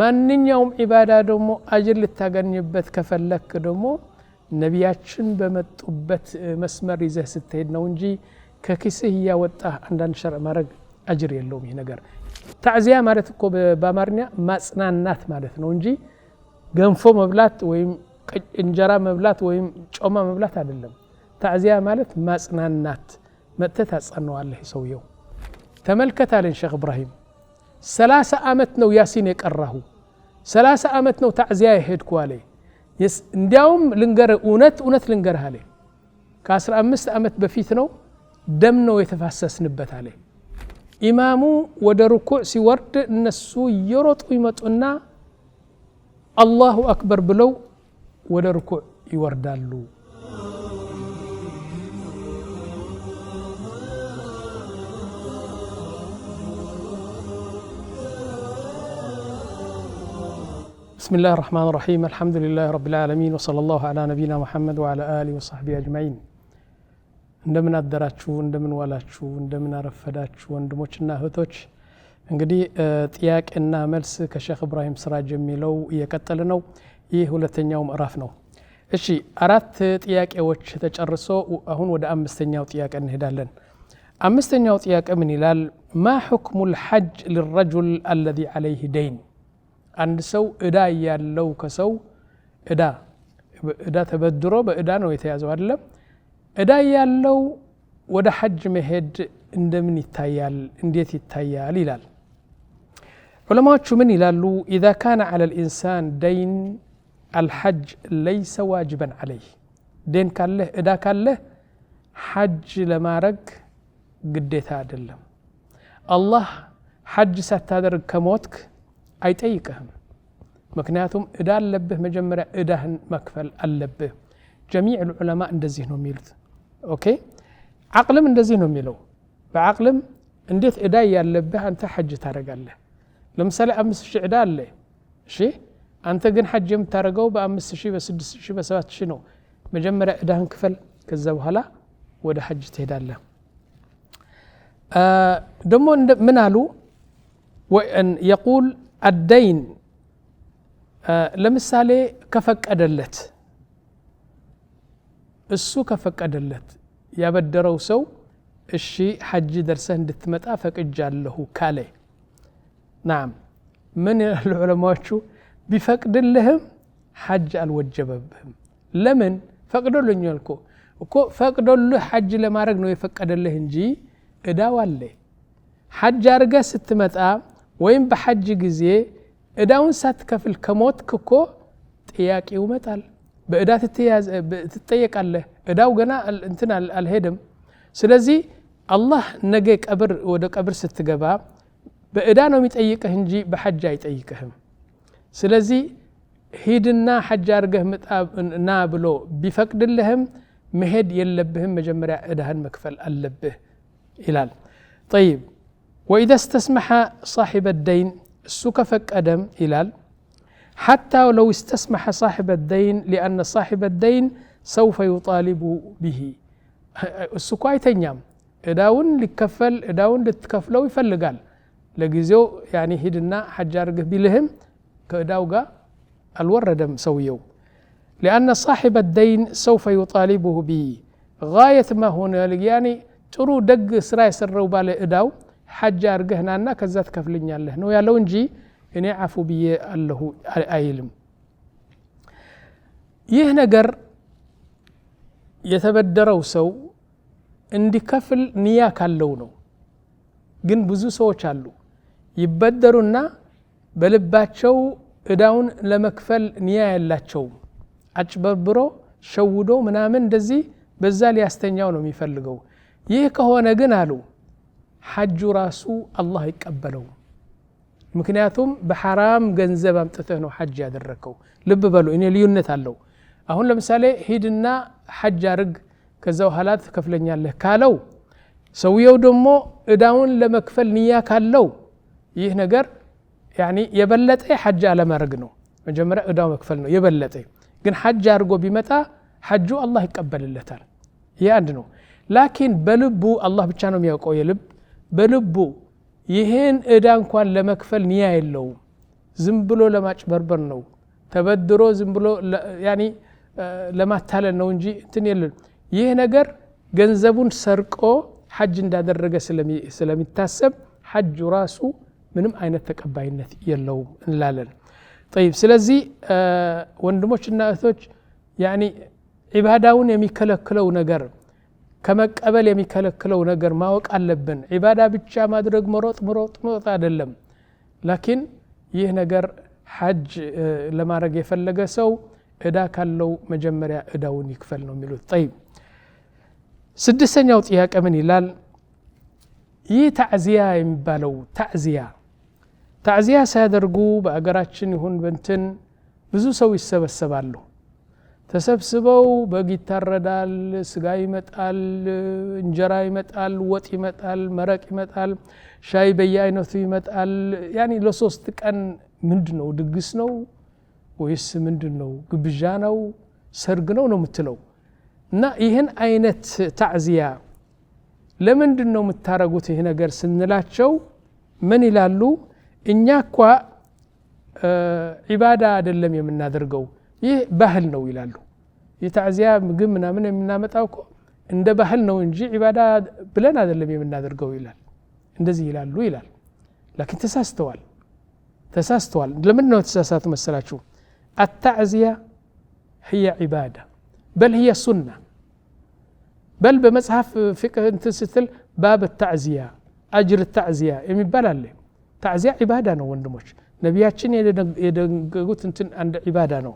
ማንኛውም ዒባዳ ደግሞ አጅር ልታገኝበት ከፈለክ ደግሞ ነቢያችን በመጡበት መስመር ይዘህ ስትሄድ ነው እንጂ ከኪስህ እያወጣህ አንዳንድ ሸርዕ ማድረግ አጅር የለውም። ይህ ነገር ታዕዚያ ማለት እኮ በአማርኛ ማጽናናት ማለት ነው እንጂ ገንፎ መብላት ወይም እንጀራ መብላት ወይም ጮማ መብላት አይደለም። ታዕዚያ ማለት ማጽናናት፣ መጥተህ ታጸነዋለህ ሰውየው። ተመልከት አለን ሼክ እብራሂም ሰላሳ ዓመት ነው ያሲን የቀራሁ ሰላሳ ዓመት ነው ታዕዚያ የሄድኩ አለ። እንዲያውም ልንገር እውነት እውነት ልንገርህ አለ ከአስራ አምስት ዓመት በፊት ነው ደም ነው የተፋሰስንበት አለ። ኢማሙ ወደ ርኩዕ ሲወርድ እነሱ እየሮጡ ይመጡና አላሁ አክበር ብለው ወደ ርኩዕ ይወርዳሉ። بسم الله الرحمن الرحيم الحمد لله رب العالمين وصلى الله على نبينا محمد وعلى آله وصحبه أجمعين እንደምን አደራችሁ እንደምን ዋላችሁ እንደምን አረፈዳችሁ ወንድሞችና እህቶች እንግዲህ ጥያቄና መልስ ከሸክ እብራሂም ስራጅ የሚለው እየቀጠል ነው ይህ ሁለተኛው ምዕራፍ ነው እሺ አራት ጥያቄዎች ተጨርሶ አሁን ወደ አምስተኛው ጥያቄ እንሄዳለን አምስተኛው ጥያቄ ምን ይላል ማ ሕክሙ ልሐጅ ልረጁል አለዚ ዓለይህ ደይን አንድ ሰው እዳ ያለው ከሰው እዳ እዳ ተበድሮ በእዳ ነው የተያዘው አይደለም። እዳ ያለው ወደ ሐጅ መሄድ እንደምን ይታያል? እንዴት ይታያል? ይላል ዑለማዎቹ ምን ይላሉ? ኢዛ ካነ ዐለ ልኢንሳን ደይን አልሐጅ ለይሰ ዋጅበን ዐለይህ ደን ካለህ እዳ ካለህ ሐጅ ለማድረግ ግዴታ አይደለም። አላህ ሐጅ ሳታደርግ ከሞትክ አይጠይቅህም። ምክንያቱም እዳ አለብህ፣ መጀመሪያ እዳህን መክፈል አለብህ። ጀሚዕ ልዑለማ እንደዚህ ነው የሚሉት። ኦኬ ዓቅልም እንደዚህ ነው የሚለው። በዓቅልም እንዴት እዳ እያለብህ አንተ ሐጅ ታደርጋለህ። ለምሳሌ አምስት ሺህ እዳ አለ። እሺ አንተ ግን ሐጅ የምታደርገው በአምስት ሺህ በስድስት ሺህ በሰባት ሺህ ነው። መጀመሪያ እዳህን ክፈል፣ ከዛ በኋላ ወደ ሐጅ ትሄዳለህ። ደግሞ ምን አሉ የቁል አደይን ለምሳሌ ከፈቀደለት እሱ ከፈቀደለት ያበደረው ሰው እሺ ሐጅ ደርሰህ እንድትመጣ ፈቅጃለሁ ካለ ናም ምን ይላሉ ዑለማዎቹ ቢፈቅድልህም ሐጅ አልወጀበብህም ለምን ፈቅዶልኝ እኮ እኮ ፈቅዶልህ ሐጅ ለማድረግ ነው የፈቀደልህ እንጂ እዳው አለ ሐጅ አድርገህ ስትመጣ ወይም በሐጅ ጊዜ እዳውን ሳትከፍል ከሞትክ እኮ ጥያቄው ይመጣል። በእዳ ትጠየቃለህ። እዳው ገና እንትን አልሄድም። ስለዚህ አላህ ነገ ቀብር ወደ ቀብር ስትገባ በእዳ ነው የሚጠይቅህ እንጂ በሐጅ አይጠይቅህም። ስለዚህ ሂድና ሐጅ አድርገህ ና ብሎ ቢፈቅድልህም መሄድ የለብህም መጀመሪያ እዳህን መክፈል አለብህ ይላል። ጠይብ وإذا استسمح صاحب الدين سكفك أدم إلال حتى لو استسمح صاحب الدين لأن صاحب الدين سوف يطالب به السكوايت نعم إداون لكفل إداون لتكفلو يفلقال لجزو يعني هيدنا حجار قبيلهم كداوغا الوردم سويو لأن صاحب الدين سوف يطالبه به غاية ما هنا يعني ترو دق سرايس سر وبالي إداو ሐጅ አርገህ ከዛ ትከፍልኛለህ ነው ያለው እንጂ እኔ አፉ ብዬ አለሁ አይልም። ይህ ነገር የተበደረው ሰው እንዲከፍል ንያ ካለው ነው። ግን ብዙ ሰዎች አሉ ይበደሩና በልባቸው እዳውን ለመክፈል ንያ ያላቸውም። አጭበርብሮ ሸውዶ ምናምን እንደዚህ በዛ ሊያስተኛው ነው የሚፈልገው። ይህ ከሆነ ግን አሉ ሐጁ ራሱ አላህ አይቀበለውም። ምክንያቱም በሐራም ገንዘብ አምጥተህ ነው ሐጅ ያደረግከው። ልብ በሉ፣ እኔ ልዩነት አለው። አሁን ለምሳሌ ሂድና ሐጅ አርግ፣ ከዛ ኋላ ትከፍለኛለህ ካለው ሰውየው ደግሞ እዳውን ለመክፈል ንያ ካለው ይህ ነገር የበለጠ ሐጅ አለማድረግ ነው። መጀመሪያ እዳው መክፈል ነው የበለጠ። ግን ሐጅ አድርጎ ቢመጣ ሐጁ አላህ ይቀበልለታል። ይህ አንድ ነው። ላኪን በልቡ አላህ ብቻ ነው የሚያውቀው የልብ በልቡ ይህን እዳ እንኳን ለመክፈል ኒያ የለውም። ዝም ብሎ ለማጭበርበር ነው፣ ተበድሮ ዝም ብሎ ለማታለል ነው እንጂ እንትን የለን። ይህ ነገር ገንዘቡን ሰርቆ ሐጅ እንዳደረገ ስለሚታሰብ ሐጁ ራሱ ምንም አይነት ተቀባይነት የለውም እንላለን። ጠይብ ስለዚህ ወንድሞችና እህቶች ያኒ ዒባዳውን የሚከለክለው ነገር ከመቀበል የሚከለክለው ነገር ማወቅ አለብን። ዒባዳ ብቻ ማድረግ መሮጥ መሮጥ መሮጥ አይደለም። ላኪን ይህ ነገር ሐጅ ለማድረግ የፈለገ ሰው እዳ ካለው መጀመሪያ እዳውን ይክፈል ነው የሚሉት። ጠይብ ስድስተኛው ጥያቄ ምን ይላል? ይህ ታዕዚያ የሚባለው ታዕዚያ ታዕዚያ ሳያደርጉ በአገራችን ይሁን በንትን ብዙ ሰው ይሰበሰባሉ። ተሰብስበው በግ ይታረዳል፣ ስጋ ይመጣል፣ እንጀራ ይመጣል፣ ወጥ ይመጣል፣ መረቅ ይመጣል፣ ሻይ በየአይነቱ ይመጣል። ያ ለሶስት ቀን ምንድን ነው ድግስ ነው ወይስ ምንድን ነው ግብዣ ነው ሰርግ ነው ነው የምትለው እና ይህን አይነት ታዕዚያ ለምንድን ነው የምታረጉት ይህ ነገር ስንላቸው ምን ይላሉ? እኛ እኳ ዒባዳ አይደለም የምናደርገው ይህ ባህል ነው ይላሉ። የታዕዚያ ምግብ ምናምን የምናመጣው እኮ እንደ ባህል ነው እንጂ ዒባዳ ብለን አይደለም የምናደርገው ይላል። እንደዚህ ይላሉ ይላል። ላኪን ተሳስተዋል ተሳስተዋል። ለምን ነው የተሳሳቱ መሰላችሁ? አታዕዚያ ህየ ዒባዳ በል ህየ ሱና በል በመጽሐፍ ፍቅህ እንትን ስትል ባብ ታዕዚያ አጅር ታዕዚያ የሚባል አለ። ታዕዚያ ዒባዳ ነው ወንድሞች፣ ነቢያችን የደነገጉት እንትን አንድ ዒባዳ ነው።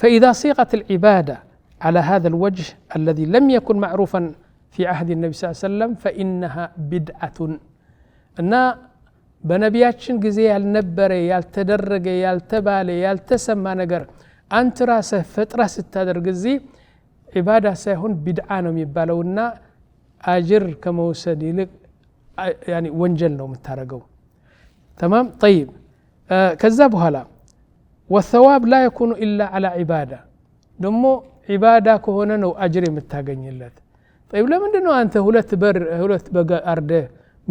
فإذا صيغت العبادة على هذا الوجه الذي لم يكن معروفا في عهد النبي صلى الله عليه وسلم فإنها بدعة أن بنبياتشن قزي يالنبري يالتدرق يالتبالي يالتسمى نقر أنت راسه فترة ستدر قزي عبادة سيهون بدعة نوم يبالونا أجر كما لك يعني ونجل نوم تمام طيب آه كذا آه والثواب لا يكون إلا على عبادة دمو عبادة كهنا نو أجر متاقن يلت طيب لما دنو أنت هلت تبر هلت تبقى أرده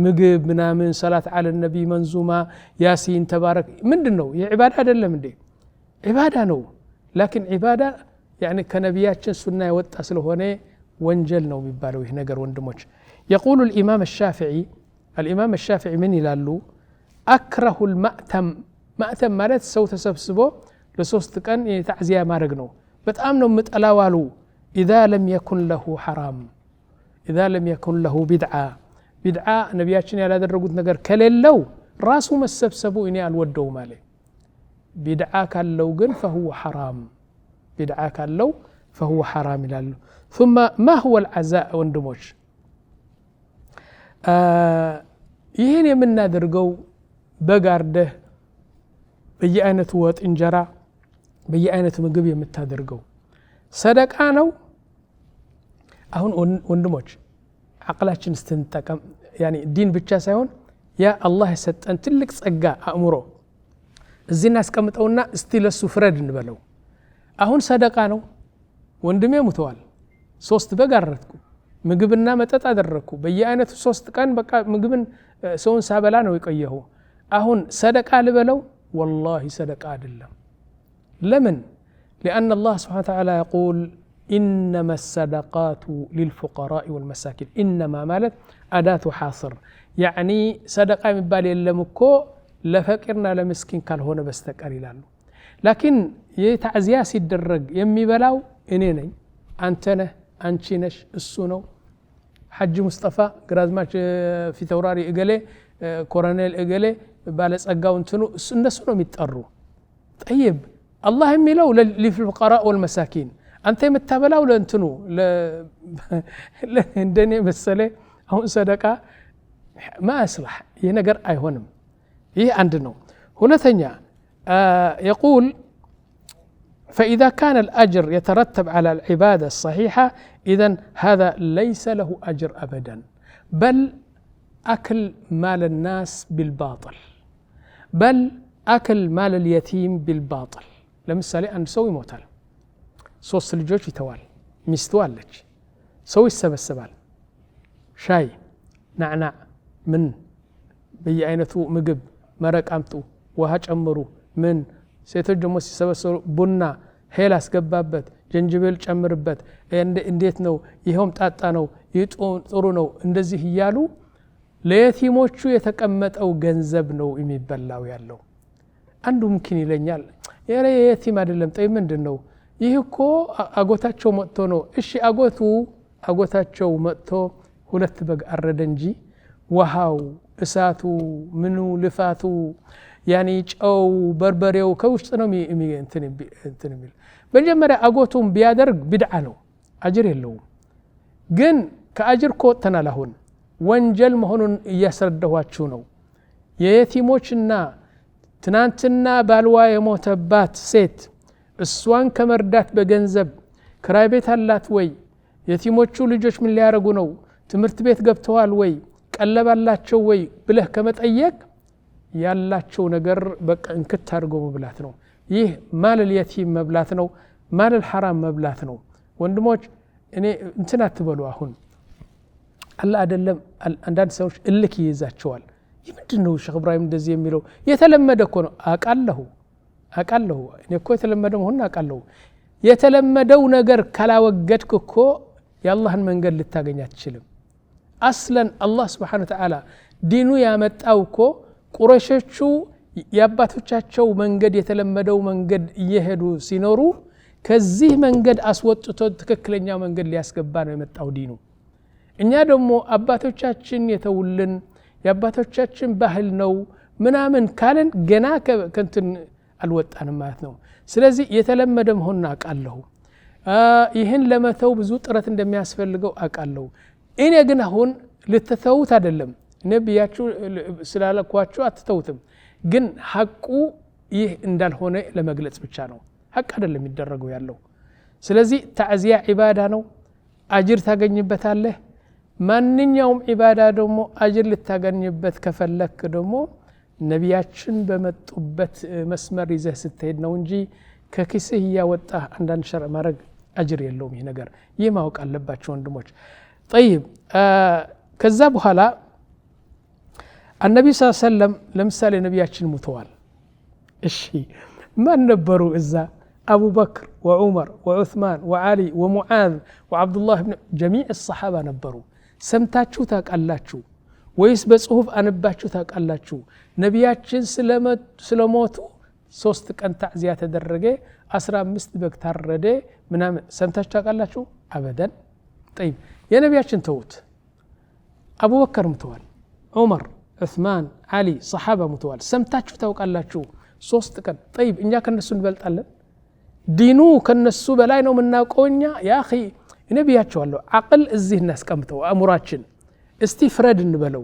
مقب منا من صلاة على النبي منزومة ياسين تبارك من دنو يا عبادة هذا من دي عبادة نو لكن عبادة يعني كنبيات سنة واتصل هنا وانجل نو ببالو هنا قر وندموش يقول الإمام الشافعي الإمام الشافعي من يلالو أكره المأتم ማእተም ማለት ሰው ተሰብስቦ ለሶስት ቀን የታዕዝያ ማድረግ ነው በጣም ነው ምጠላዋሉ ኢዛ ለም የኩን ለሁ ሐራም ኢዛ ለም የኩን ለሁ ቢድዓ ቢድዓ ነቢያችን ያላደረጉት ነገር ከሌለው ራሱ መሰብሰቡ እኔ አልወደውም አለ ቢድዓ ካለው ግን ፈሁወ ሐራም ቢድዓ ካለው فهو حرام ይላሉ ثم ما هو العزاء ወንድሞች ይህን የምናደርገው በጋርደህ በየአይነቱ ወጥ እንጀራ፣ በየአይነቱ ምግብ የምታደርገው ሰደቃ ነው። አሁን ወንድሞች አቅላችን ስትንጠቀም ዲን ብቻ ሳይሆን ያ አላህ የሰጠን ትልቅ ጸጋ አእምሮ እዚህ እናስቀምጠውና እስቲ ለሱ ፍረድ እንበለው። አሁን ሰደቃ ነው። ወንድሜ ሙተዋል። ሶስት በግ አረድኩ፣ ምግብና መጠጥ አደረግኩ። በየአይነቱ ሶስት ቀን በቃ ምግብን ሰውን ሳበላ ነው የቆየሁ። አሁን ሰደቃ ልበለው والله صدق عدل لمن لأن الله سبحانه وتعالى يقول إنما الصدقات للفقراء والمساكين إنما مالت أداة حاصر يعني صدقة مبال يلمكو لفقرنا لمسكين قال هنا بستقر لانو لكن يتعزيا سيدرق يمي بلاو إنيني أنتنا أنشينش السونو حج مصطفى قرازماش آه، في توراري إقلي آه، كورنيل إقلي ባለጸጋው እንትኑ እሱ እነሱ ነው የሚጠሩ ጠይብ አላህ የሚለው ለልፍልቀራእ ወልመሳኪን አንተ የምታበላው ለእንትኑ እንደኔ መሰለ አሁን ሰደቃ ማስላህ ይህ ነገር አይሆንም ይህ አንድ ነው ሁለተኛ የቁል فإذا كان الأجر يترتب على العبادة الصحيحة إذا هذا ليس له أجر أبدا بل أكل مال الناس بالباطل بل أكل مال اليتيم بالباطل لم سالي أن سوي موتال صوص الجوج يتوال مستوال لك سوي السب السبال شاي نعناع من بي أينتو مقب مرق أمتو وهج أمرو من سيتر موسي سب السبال بنا هيلا سقبابت جنجبل شمربت إنديت نو يهم تاتا نو يتقون ثرو نو اندزي هيالو ለየቲሞቹ የተቀመጠው ገንዘብ ነው የሚበላው ያለው። አንዱ ምኪን ይለኛል፣ ኧረ የየቲም አይደለም። ጠይ ምንድን ነው ይህ? እኮ አጎታቸው መጥቶ ነው። እሺ አጎቱ አጎታቸው መጥቶ ሁለት በግ አረደ እንጂ ውሃው፣ እሳቱ፣ ምኑ፣ ልፋቱ፣ ያኔ ጨው፣ በርበሬው ከውስጥ ነው እንትን የሚል መጀመሪያ አጎቱም ቢያደርግ ቢድዓ ነው፣ አጅር የለውም። ግን ከአጅር ኮ ወጥተናል አሁን ወንጀል መሆኑን እያስረዳኋችሁ ነው። የየቲሞችና ትናንትና ባልዋ የሞተባት ሴት እሷን ከመርዳት በገንዘብ ክራይ ቤት አላት ወይ? የቲሞቹ ልጆች ምን ሊያደርጉ ነው? ትምህርት ቤት ገብተዋል ወይ? ቀለብ አላቸው ወይ? ብለህ ከመጠየቅ ያላቸው ነገር በቃ እንክት አድርጎ መብላት ነው። ይህ ማለል የቲም መብላት ነው። ማለል ሐራም መብላት ነው። ወንድሞች እኔ እንትን አትበሉ አሁን አለ አይደለም። አንዳንድ ሰዎች እልክ ይይዛቸዋል። ምንድን ነው ሼክ እብራሂም እንደዚህ የሚለው? የተለመደ እኮ ነው። አቃለሁ አቃለሁ እኔ እኮ የተለመደ መሆኑን አቃለሁ። የተለመደው ነገር ካላወገድክ እኮ የአላህን መንገድ ልታገኝ አትችልም። አስለን አላህ ስብሓነ ወተዓላ ዲኑ ያመጣው እኮ ቁረሾቹ የአባቶቻቸው መንገድ የተለመደው መንገድ እየሄዱ ሲኖሩ ከዚህ መንገድ አስወጥቶ ትክክለኛ መንገድ ሊያስገባ ነው የመጣው ዲኑ። እኛ ደግሞ አባቶቻችን የተውልን የአባቶቻችን ባህል ነው ምናምን ካለን ገና ከንትን አልወጣንም ማለት ነው። ስለዚህ የተለመደ መሆኑን አውቃለሁ። ይህን ለመተው ብዙ ጥረት እንደሚያስፈልገው አውቃለሁ። እኔ ግን አሁን ልትተዉት አይደለም እኔ ብያችሁ ስላለኳችሁ አትተውትም። ግን ሀቁ ይህ እንዳልሆነ ለመግለጽ ብቻ ነው። ሀቅ አይደለም የሚደረገው ያለው። ስለዚህ ታዕዚያ ዒባዳ ነው፣ አጅር ታገኝበታለህ። ማንኛውም ዒባዳ ደግሞ አጅር ልታገኝበት ከፈለክ ደግሞ ነቢያችን በመጡበት መስመር ይዘህ ስትሄድ ነው እንጂ ከኪስህ እያወጣህ አንዳንድ ሸርዕ ማድረግ አጅር የለውም። ይህ ነገር ይህ ማወቅ አለባቸው ወንድሞች። ጠይብ ከዛ በኋላ አነቢ ስ ሰለም ለምሳሌ ነቢያችን ሙተዋል። እሺ ማን ነበሩ እዛ? አቡበክር ወዑመር ወዑስማን ወዓሊ ወሙዓዝ ወዓብዱላህ ብን ጀሚዕ ሰሓባ ነበሩ። ሰምታችሁ ታውቃላችሁ ወይስ በጽሁፍ አንባችሁ ታውቃላችሁ? ነቢያችን ስለሞቱ ሶስት ቀን ታዕዚያ ተደረገ፣ አስራ አምስት በግ ታረደ ምናምን ሰምታችሁ ታውቃላችሁ? አበደን። ጠይብ የነቢያችን ተዉት። አቡበከር ሙተዋል፣ ዑመር፣ ዑስማን፣ ዓሊ ሰሓባ ሙተዋል። ሰምታችሁ ታውቃላችሁ? ሶስት ቀን ጠይብ። እኛ ከነሱ እንበልጣለን? ዲኑ ከነሱ በላይ ነው የምናውቀው እኛ ያ እኔ ብያቸዋለሁ። አቅል እዚህ እናስቀምጠው፣ አእምሯችን እስቲ ፍረድ እንበለው።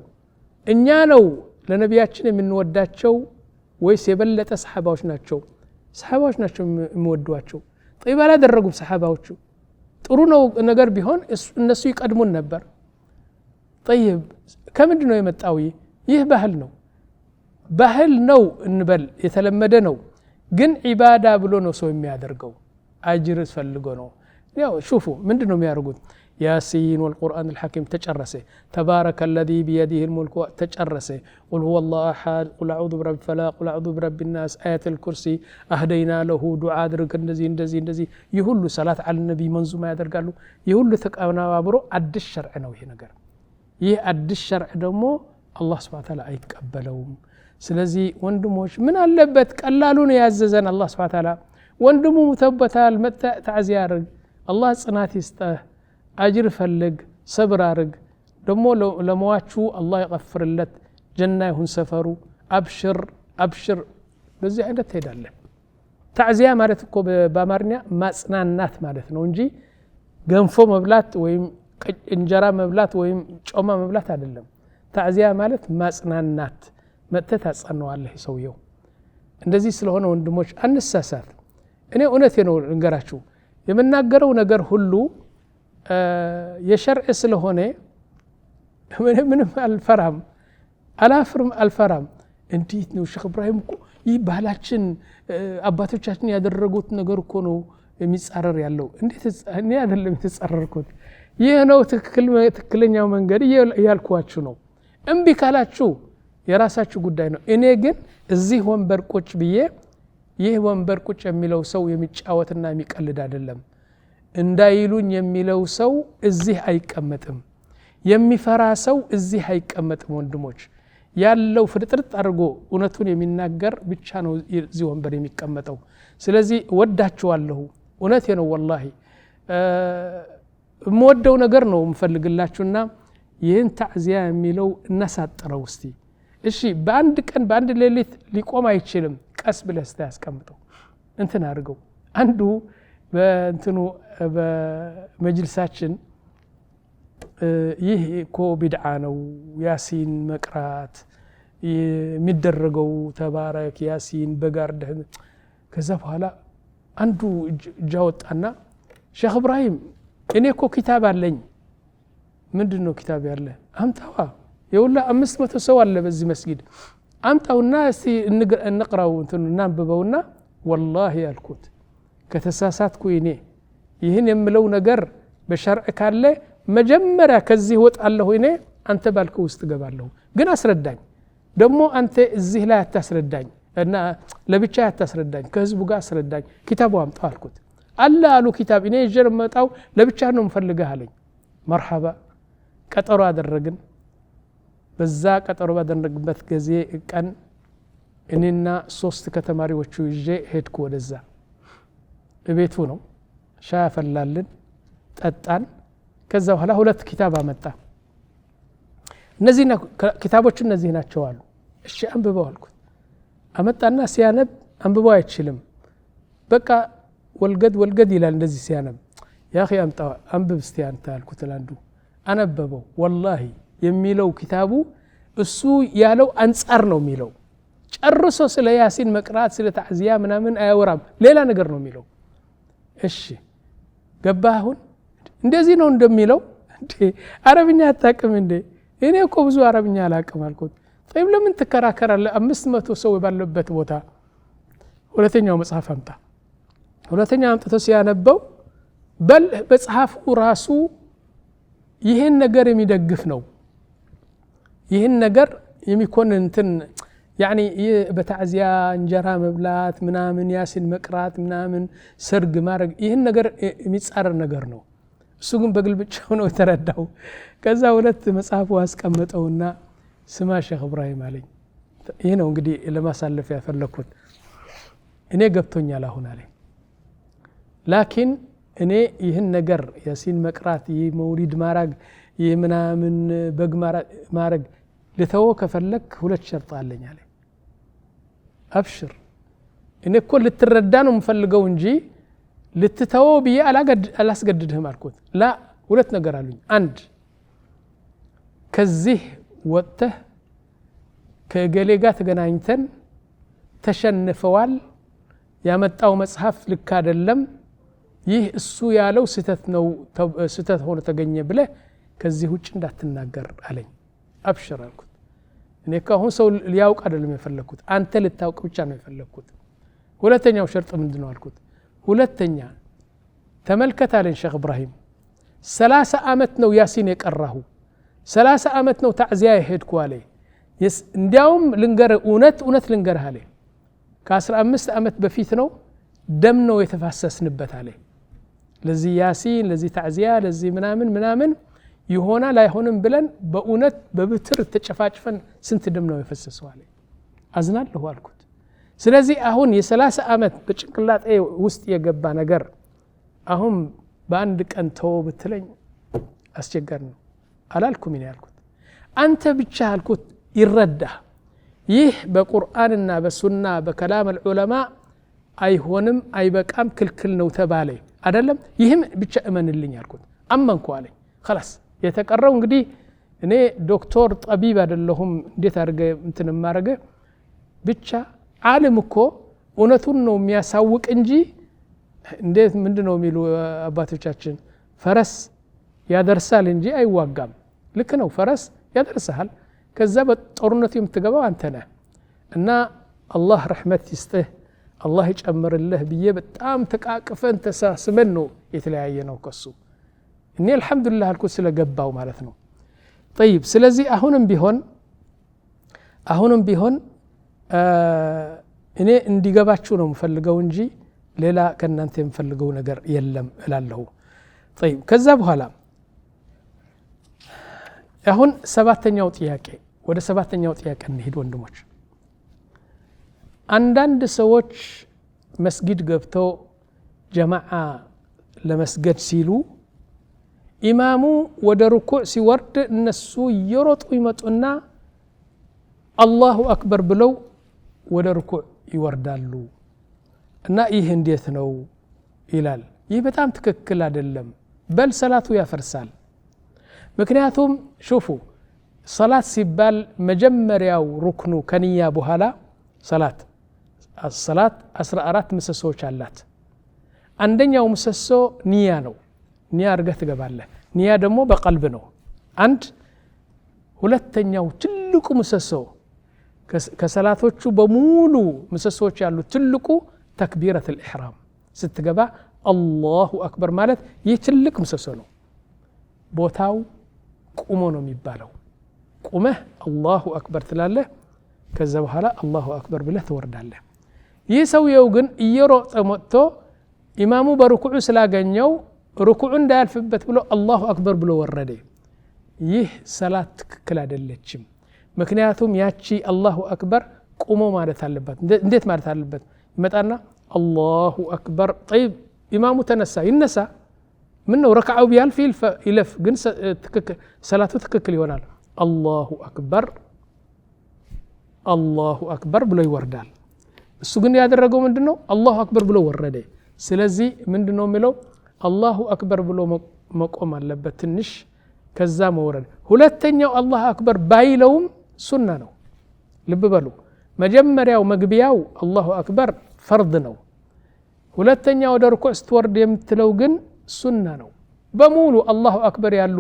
እኛ ነው ለነቢያችን የምንወዳቸው ወይስ የበለጠ ሰሓባዎች ናቸው? ሰሓባዎች ናቸው የሚወዷቸው። ጠይብ አላደረጉም ሰሓባዎቹ። ጥሩ ነው ነገር ቢሆን እነሱ ይቀድሙን ነበር። ጠይብ ከምንድ ነው የመጣው? ይህ ባህል ነው ባህል ነው እንበል፣ የተለመደ ነው። ግን ዒባዳ ብሎ ነው ሰው የሚያደርገው፣ አጅር ፈልጎ ነው። ያው ሹፉ ምንድን ነው የሚያደርጉት ያሲን ወልቁርአን ልሐኪም ተጨረሰ ተባረከ ለዚ ቢየዲህ ልሙልክ ተጨረሰ ቁል ሁወ ላሁ አሓድ ቁል አዑዙ ብረብ ፈላ ቁል አዑዙ ብረብ ናስ አያት ልኩርሲ አህደይና ለሁ ዱዓ አድርግ እንደዚህ እንደዚህ እንደዚህ ይህ ሁሉ ሰላት አልነቢ መንዙማ ያደርጋሉ ይህ ሁሉ ተቀናባብሮ አዲስ ሸርዕ ነው ይሄ ነገር ይህ አዲስ ሸርዕ ደግሞ አላህ ስብሓ ታላ አይቀበለውም ስለዚህ ወንድሞች ምን አለበት ቀላሉን ያዘዘን አላህ ስብሓ ታላ ወንድሙ ሙተበታል መጥተህ ተዓዚያ ያደርግ الله صنات يسته أجر فلق صبر أرق دمو لمواتشو الله يغفر لك جنة هن سفروا أبشر أبشر بزي عينة تيد الله تعزيه مالتكو بامارنيا ما صنان نات مالتنا ونجي قنفو مبلات ويم انجرا مبلات ويم شوما مبلات عدلم تعزيه مالت ما صنان نات متتا صنو الله يسويو اندزي سلوهنا وندموش أنساسات أنا أنا ثينو انقراتشو የምናገረው ነገር ሁሉ የሸርዕ ስለሆነ ምንም አልፈራም፣ አላፍርም፣ አልፈራም። እንዴት ነው ሸክ እብራሂም እኮ ይህ ባህላችን አባቶቻችን ያደረጉት ነገር እኮ ነው የሚጻረር ያለው። እንዴት እኔ አይደለም የተጻረርኩት፣ ይህ ነው ትክክለኛው መንገድ እያልኩዋችሁ ነው። እምቢ ካላችሁ የራሳችሁ ጉዳይ ነው። እኔ ግን እዚህ ወንበር ቁጭ ብዬ ይህ ወንበር ቁጭ የሚለው ሰው የሚጫወትና የሚቀልድ አይደለም እንዳይሉኝ የሚለው ሰው እዚህ አይቀመጥም። የሚፈራ ሰው እዚህ አይቀመጥም። ወንድሞች ያለው ፍርጥርጥ አድርጎ እውነቱን የሚናገር ብቻ ነው እዚህ ወንበር የሚቀመጠው። ስለዚህ ወዳችኋለሁ፣ እውነቴ ነው። ወላሂ የምወደው ነገር ነው የምፈልግላችሁና ይህን ታዕዚያ የሚለው እናሳጥረው እስቲ። እሺ፣ በአንድ ቀን በአንድ ሌሊት ሊቆም አይችልም። ቀስ ብለህ ስታያስቀምጠው እንትን አድርገው። አንዱ በእንትኑ በመጅልሳችን ይህ እኮ ቢድዓ ነው ያሲን መቅራት የሚደረገው ተባረክ ያሲን በጋርደህ ከዛ በኋላ አንዱ እጃ ወጣና እብራሂም እኔ እኮ ኪታብ አለኝ። ምንድን ነው ኪታብ ያለ አምታዋ የውላ አምስት መቶ ሰው አለ በዚህ መስጊድ أنت والناس نقرأ نقرأ وننام ببونا والله يا الكوت كتساسات كويني يهن يملو نقر بشرع كالي مجمرة كزي هوت الله هنا أنت بالكوست وستقب الله قنا سردان دمو أنت الزهلا تسردان أنا لبيتشا تسردان كهزبو قا سردان كتابو أمتو الكوت ألا ألو كتاب إني جرمت أو لبيتشا نمفرلقها لي مرحبا كترو هذا الرقم በዛ ቀጠሮ ባደረግበት ጊዜ ቀን እኔና ሶስት ከተማሪዎቹ ይዤ ሄድኩ። ወደዛ እቤቱ ነው ሻይ አፈላልን፣ ጠጣን። ከዛ በኋላ ሁለት ኪታብ አመጣ። እነዚህ ኪታቦቹ እነዚህ ናቸው አሉ። እሺ አንብበው አልኩት። አመጣና ሲያነብ አንብበው አይችልም። በቃ ወልገድ ወልገድ ይላል እንደዚህ ሲያነብ። ያ አንብብ እስቲ አንተ አልኩት። ላንዱ አነበበው ወላሂ የሚለው ኪታቡ እሱ ያለው አንጻር ነው የሚለው። ጨርሶ ስለ ያሲን መቅራት ስለ ታዕዚያ ምናምን አያወራም። ሌላ ነገር ነው የሚለው። እሺ ገባ አሁን እንደዚህ ነው እንደሚለው። አረብኛ አታቅም እንዴ? እኔ እኮ ብዙ አረብኛ አላቅም አልኩት። ጠይብ ለምን ትከራከራለ አምስት መቶ ሰው ባለበት ቦታ ሁለተኛው መጽሐፍ አምጣ። ሁለተኛ አምጥቶ ሲያነበው በል መጽሐፉ ራሱ ይህን ነገር የሚደግፍ ነው ይህን ነገር የሚኮን እንትን ያኒ በታዕዚያ እንጀራ መብላት ምናምን ያሲን መቅራት ምናምን ሰርግ ማድረግ ይህን ነገር የሚጻረር ነገር ነው። እሱ ግን በግልብጫው ነው የተረዳው። ከዛ ሁለት መጽሐፉ አስቀመጠውና ስማ ሸክ እብራሂም አለኝ። ይህ ነው እንግዲህ ለማሳለፍ ያፈለግኩት እኔ ገብቶኛል አሁን አለኝ። ላኪን እኔ ይህን ነገር ያሲን መቅራት ይህ መውሊድ ማራግ ይህ ምናምን በግ ማረግ ልተወ ከፈለግ ሁለት ሸርጥ አለኝ አለ። አብሽር እኔ እኮ ልትረዳ ነው የምፈልገው እንጂ ልትተወ ብዬ አላስገድድህም አልኩት። ላ ሁለት ነገር አሉኝ። አንድ ከዚህ ወጥተህ ከእገሌ ጋር ተገናኝተን ተሸንፈዋል፣ ያመጣው መጽሐፍ ልክ አይደለም፣ ይህ እሱ ያለው ስህተት ነው ስህተት ሆኖ ተገኘ ብለህ ከዚህ ውጭ እንዳትናገር አለኝ። አብሽር አልኩት። እኔ አሁን ሰው ሊያውቅ አይደለም የፈለግኩት አንተ ልታውቅ ብቻ ነው የፈለግኩት። ሁለተኛው ሸርጥ ምንድን ነው አልኩት። ሁለተኛ ተመልከት አለኝ ሼክ እብራሂም፣ ሰላሳ ዓመት ነው ያሲን የቀራሁ ሰላሳ ዓመት ነው ታዕዚያ የሄድኩ አለ። እንዲያውም ልንገርህ እውነት እውነት ልንገርህ አለ ከአስራ አምስት ዓመት በፊት ነው ደም ነው የተፋሰስንበት አለ። ለዚህ ያሲን ለዚህ ታዕዚያ ለዚህ ምናምን ምናምን ይሆናል አይሆንም ብለን በእውነት በብትር ተጨፋጭፈን ስንት ደም ነው የፈሰሰው አለ። አዝናለሁ አልኩት። ስለዚህ አሁን የሰላሳ ዓመት በጭንቅላጤ ውስጥ የገባ ነገር አሁን በአንድ ቀን ተወው ብትለኝ አስቸጋሪ ነው። አላልኩም እኔ ያልኩት አንተ ብቻ አልኩት ይረዳ። ይህ በቁርአንና በሱና በከላም አልዑለማ አይሆንም፣ አይበቃም፣ ክልክል ነው ተባለ አደለም ይህም ብቻ እመንልኝ አልኩት። አመንኩ አለኝ። ኸላስ የተቀረው እንግዲህ እኔ ዶክተር ጠቢብ አይደለሁም። እንዴት አድርገ እንትን ማረገ ብቻ አልም እኮ እውነቱን ነው የሚያሳውቅ እንጂ እንዴት ምንድን ነው የሚሉ አባቶቻችን ፈረስ ያደርሳል እንጂ አይዋጋም። ልክ ነው፣ ፈረስ ያደርስሃል። ከዛ በጦርነቱ የምትገባው አንተ ነህ። እና አላህ ረሕመት ይስጥህ አላህ ይጨምርልህ ብዬ በጣም ተቃቅፈን ተሳስመን ነው የተለያየ ነው ከሱ እኔ አልሐምዱሊላህ አልኩት ስለገባው ማለት ነው። ጠይብ ስለዚህ አሁንም ቢሆን አሁንም ቢሆን እኔ እንዲገባችሁ ነው የምፈልገው እንጂ ሌላ ከእናንተ የምፈልገው ነገር የለም እላለሁ። ጠይብ ከዛ በኋላ አሁን ሰባተኛው ጥያቄ ወደ ሰባተኛው ጥያቄ እንሂድ ወንድሞች። አንዳንድ ሰዎች መስጊድ ገብተው ጀማዓ ለመስገድ ሲሉ ኢማሙ ወደ ርኩዕ ሲወርድ እነሱ እየሮጡ ይመጡና አላሁ አክበር ብለው ወደ ርኩዕ ይወርዳሉ እና ይህ እንዴት ነው ይላል። ይህ በጣም ትክክል አይደለም፣ በል ሰላቱ ያፈርሳል። ምክንያቱም ሹፉ ሰላት ሲባል መጀመሪያው ሩክኑ ከንያ በኋላ ሰላት ሰላት 14 ምሰሶዎች አላት። አንደኛው ምሰሶ ንያ ነው። ንያ አድርገህ ትገባለህ። ኒያ ደግሞ በቀልብ ነው። አንድ ሁለተኛው ትልቁ ምሰሶ ከሰላቶቹ በሙሉ ምሰሶዎች ያሉት ትልቁ ተክቢረት ልኢሕራም ስትገባ አላሁ አክበር ማለት ይህ ትልቅ ምሰሶ ነው። ቦታው ቁሞ ነው የሚባለው። ቁመህ አላሁ አክበር ትላለህ። ከዛ በኋላ አላሁ አክበር ብለህ ትወርዳለህ። ይህ ሰውየው ግን እየሮጠ መጥቶ ኢማሙ በርኩዑ ስላገኘው ርኩዑ እንዳያልፍበት ብሎ አላሁ አክበር ብሎ ወረደ። ይህ ሰላት ትክክል አይደለችም። ምክንያቱም ያቺ አላሁ አክበር ቁሞ ማለት አለባት። እንዴት ማለት አለበት? ይመጣና አላሁ አክበር ጠይብ፣ ኢማሙ ተነሳ፣ ይነሳ። ምን ረክዓው ቢያልፍ ይለፍ፣ ግን ሰላቱ ትክክል ይሆናል። አላሁ አክበር አላሁ አክበር ብሎ ይወርዳል። እሱ ግን ያደረገው ምንድነው? አላሁ አክበር ብሎ ወረደ። ስለዚህ ምንድነው የሚለው አላሁ አክበር ብሎ መቆም አለበት። ትንሽ ከዛ መውረድ። ሁለተኛው አላሁ አክበር ባይለውም ሱና ነው። ልብ በሉ፣ መጀመሪያው መግቢያው አላሁ አክበር ፈርድ ነው። ሁለተኛው ወደ ስትወርድ የምትለው ግን ሱና ነው። በሙሉ አላሁ አክበር ያሉ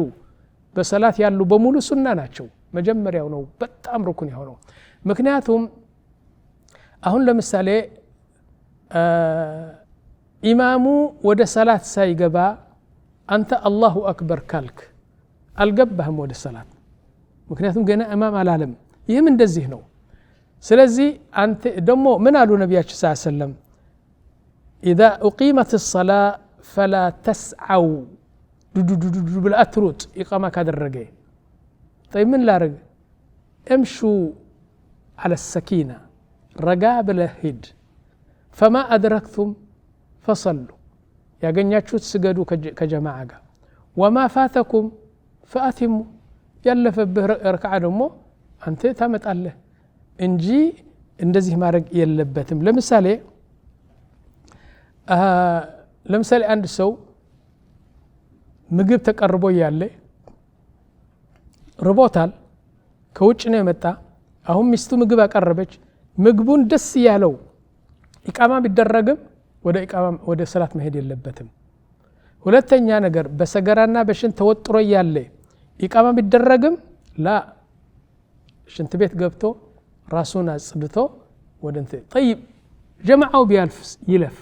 በሰላት ያሉ በሙሉ ሱና ናቸው። መጀመሪያው ነው በጣም ሩኩን የሆነው። ምክንያቱም አሁን ለምሳሌ ኢማሙ ወደ ሰላት ሳይገባ አንተ አላሁ አክበር ካልክ አልገባህም ወደ ሰላት ምክንያቱም ገና እማም አላለም ይህም እንደዚህ ነው ስለዚህ አንተ ደግሞ ምን አሉ ነቢያችን ስ ሰለም ኢዛ ኡቂመት ሰላ ፈላ ተስዓው ዱዱዱዱ ብለ አትሩጥ ኢቃማ ካደረገ ጠይ ምን ላረግ እምሹ አለ ሰኪና ረጋ ብለህ ሂድ ፈማ አድረክቱም ፈሰሉ ያገኛችሁት ስገዱ ከጀማዓ ጋር ወማ ፋተኩም ፈአቲሙ ያለፈብህ ረክዓ ደግሞ አንተ ታመጣለህ እንጂ እንደዚህ ማድረግ የለበትም ለምሳሌ ለምሳሌ አንድ ሰው ምግብ ተቀርቦ እያለ ርቦታል ከውጭ ነው የመጣ አሁን ሚስቱ ምግብ አቀረበች ምግቡን ደስ እያለው ኢቃማ ቢደረግም ወደ ኢቃማ ወደ ሰላት መሄድ የለበትም። ሁለተኛ ነገር በሰገራና በሽንት ተወጥሮ እያለ ኢቃማ ቢደረግም ላ ሽንት ቤት ገብቶ ራሱን አጽድቶ ወደ እንትን ጠይብ ጀማዓው ቢያልፍ ይለፍ።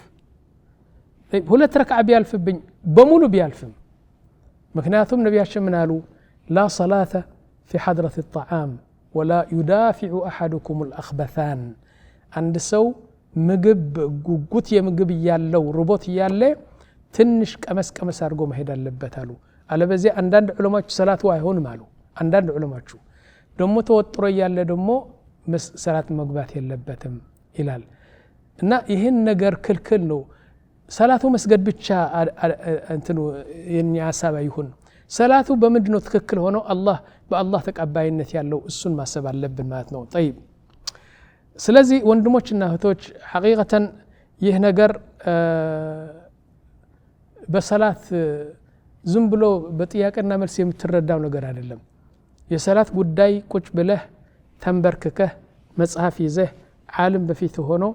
ሁለት ረክዓ ቢያልፍብኝ በሙሉ ቢያልፍም፣ ምክንያቱም ነቢያችን ምን አሉ? ላ ሰላተ ፊ ሐድረት ጣዓም ወላ ዩዳፊዑ አሐድኩም አልአኽበታን አንድ ሰው ምግብ ጉጉት የምግብ እያለው ርቦት እያለ ትንሽ ቀመስ ቀመስ አድርጎ መሄድ አለበት አሉ። አለበዚያ አንዳንድ ዑለማችሁ ሰላቱ አይሆንም አሉ። አንዳንድ ዑለማችሁ ደግሞ ተወጥሮ እያለ ደግሞ ሰላት መግባት የለበትም ይላል። እና ይህን ነገር ክልክል ነው። ሰላቱ መስገድ ብቻ እንትኑ የኛ ሀሳብ አይሁን። ሰላቱ በምንድነው ትክክል ሆነው አላህ በአላህ ተቀባይነት ያለው እሱን ማሰብ አለብን ማለት ነው። ጠይብ سلازي وندموش انه توش حقيقة يهنجر آه، بسلات آه، زنبلو بطياك انا مرسي مترداو نقر على اللم يسلات قداي كوش بله تنبرككه مصحف يزه عالم بفيته هونو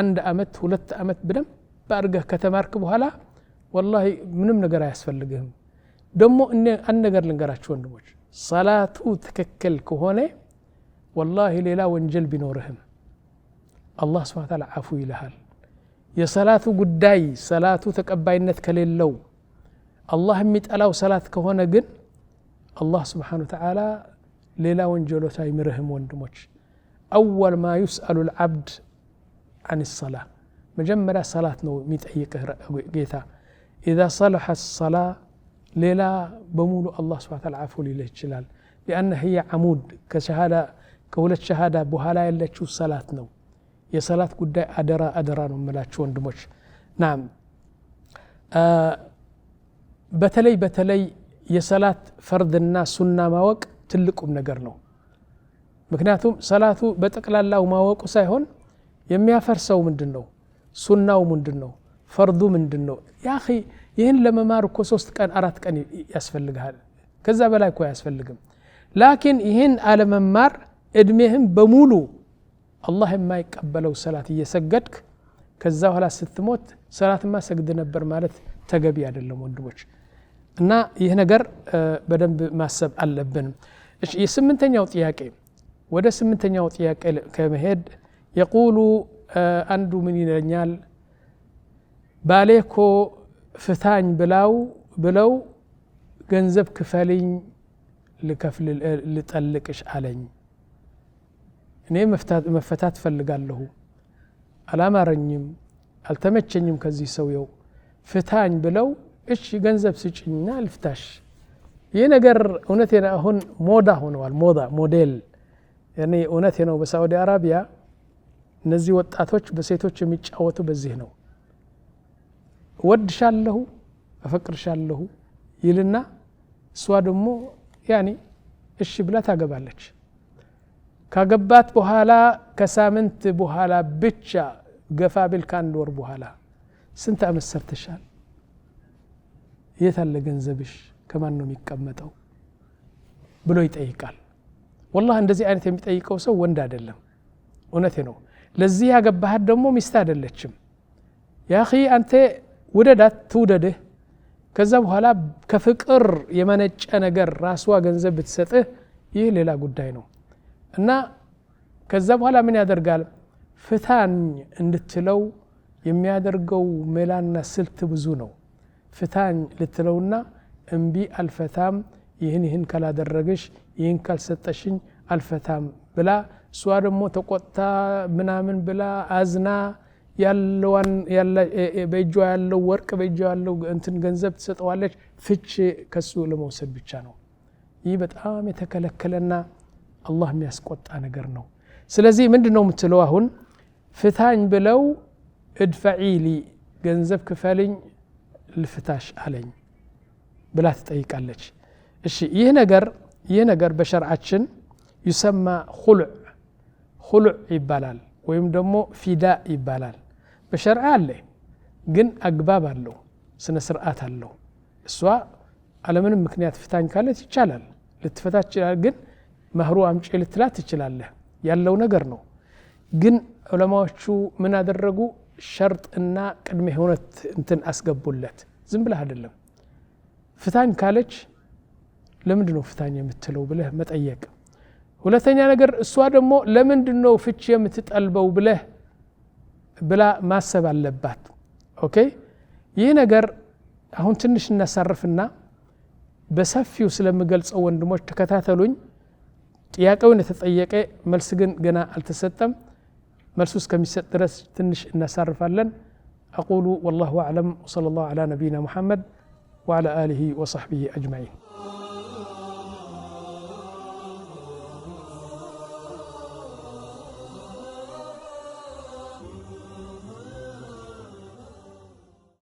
عند امت ولت امت بدم بارقه كتمارك بهلا والله منم نقر يسفل لقهم دمو ان نقر لنقراش وندموش صلاة تككل كهوني والله ليلا ونجل بنورهم الله سبحانه وتعالى عفو لها يا صلاة قداي صلاة تقباي النت كليلو الله ميت ألاو صلاة كهونا جن الله سبحانه وتعالى ليلا وانجلو تاي مرهم وندموش أول ما يسأل العبد عن الصلاة مجمرة صلاة نو ميت أيقه إذا صلح الصلاة ليلا بمولو الله سبحانه وتعالى عفو لله جلال لأن هي عمود كشهادة كولت شهادة بهالا إلا تشوف صلاة نو የሰላት ጉዳይ አደራ አደራ ነው የምላችሁ ወንድሞች። ናም በተለይ በተለይ የሰላት ፈርድና ሱና ማወቅ ትልቁም ነገር ነው። ምክንያቱም ሰላቱ በጠቅላላው ማወቁ ሳይሆን የሚያፈርሰው ምንድን ነው? ሱናው ምንድን ነው? ፈርዱ ምንድን ነው? ያ ይህን ለመማር እኮ ሶስት ቀን አራት ቀን ያስፈልግሃል። ከዛ በላይ እኮ አያስፈልግም። ላኪን ይህን አለመማር እድሜህም በሙሉ አላህ የማይቀበለው ሰላት እየሰገድክ ከዛ ኋላ ስትሞት ሰላትማ ሰግድ ነበር ማለት ተገቢ አይደለም ወንድሞች። እና ይህ ነገር በደንብ ማሰብ አለብን። የስምንተኛው ጥያቄ ወደ ስምንተኛው ጥያቄ ከመሄድ የቁሉ አንዱ ምን ይለኛል፣ ባሌኮ ፍታኝ ብላው ብለው ገንዘብ ክፈልኝ ልከፍል ልጠልቅሽ አለኝ እኔ መፈታት ፈልጋለሁ፣ አላማረኝም፣ አልተመቸኝም ከዚህ ሰውየው ፍታኝ ብለው እሺ ገንዘብ ስጭኝና ልፍታሽ። ይህ ነገር እውነት አሁን ሞዳ ሆነዋል። ሞዳ ሞዴል እውነቴ ነው። በሳዑዲ አረቢያ እነዚህ ወጣቶች በሴቶች የሚጫወቱ በዚህ ነው። እወድሻለሁ፣ አፈቅርሻለሁ ይልና እሷ ደግሞ ያኔ እሺ ብላ ታገባለች። ካገባት በኋላ ከሳምንት በኋላ ብቻ ገፋ ቢል ከአንድ ወር በኋላ ስንት ዓመት ሰርተሻል? የት አለ ገንዘብሽ? ከማን ነው የሚቀመጠው? ብሎ ይጠይቃል። ወላህ እንደዚህ አይነት የሚጠይቀው ሰው ወንድ አይደለም። እውነቴ ነው። ለዚህ ያገባሃት ደግሞ ሚስት አይደለችም። ያኺ አንተ ውደዳት፣ ትውደድህ። ከዛ በኋላ ከፍቅር የመነጨ ነገር ራስዋ ገንዘብ ብትሰጥህ ይህ ሌላ ጉዳይ ነው። እና ከዛ በኋላ ምን ያደርጋል? ፍታኝ እንድትለው የሚያደርገው ሜላና ስልት ብዙ ነው። ፍታኝ ልትለውና እምቢ አልፈታም፣ ይህን ይህን ካላደረግሽ፣ ይህን ካልሰጠሽኝ አልፈታም ብላ እሷ ደግሞ ተቆጥታ ምናምን ብላ አዝና በእጇ ያለው ወርቅ በእጇ ያለው እንትን ገንዘብ ትሰጠዋለች። ፍች ከሱ ለመውሰድ ብቻ ነው። ይህ በጣም የተከለከለና አላህ የሚያስቆጣ ነገር ነው። ስለዚህ ምንድን ነው የምትለው? አሁን ፍታኝ ብለው እድፈዒሊ ገንዘብ ክፈልኝ ልፍታሽ አለኝ ብላ ትጠይቃለች። እሺ ይህ ነገር ይህ ነገር በሸርዓችን ዩሰማ ሁሉዕ ሁሉዕ ይባላል፣ ወይም ደግሞ ፊዳ ይባላል። በሸርዓ አለ፣ ግን አግባብ አለው፣ ስነ ስርዓት አለው። እሷ አለምንም ምክንያት ፍታኝ ካለት ይቻላል ልትፈታ ይችላል ግን መህሩ አምጪ ልትላት ትችላለህ። ያለው ነገር ነው። ግን ዑለማዎቹ ምን አደረጉ? ሸርጥና ቅድመ ሁነት እንትን አስገቡለት። ዝም ብለህ አይደለም ፍታኝ ካለች ለምንድ ነው ፍታኝ የምትለው ብለህ መጠየቅ። ሁለተኛ ነገር እሷ ደግሞ ለምንድ ነው ፍች የምትጠልበው ብለህ ብላ ማሰብ አለባት። ኦኬ ይህ ነገር አሁን ትንሽ እናሳርፍና በሰፊው ስለምገልጸው ወንድሞች ተከታተሉኝ። ጥያቄው እንደተጠየቀ መልስ ግን ገና አልተሰጠም። መልሱ እስከሚሰጥ ድረስ ትንሽ እናሳርፋለን። أقول والله أعلم وصلى الله على نبينا محمد وعلى آله وصحبه أجمعين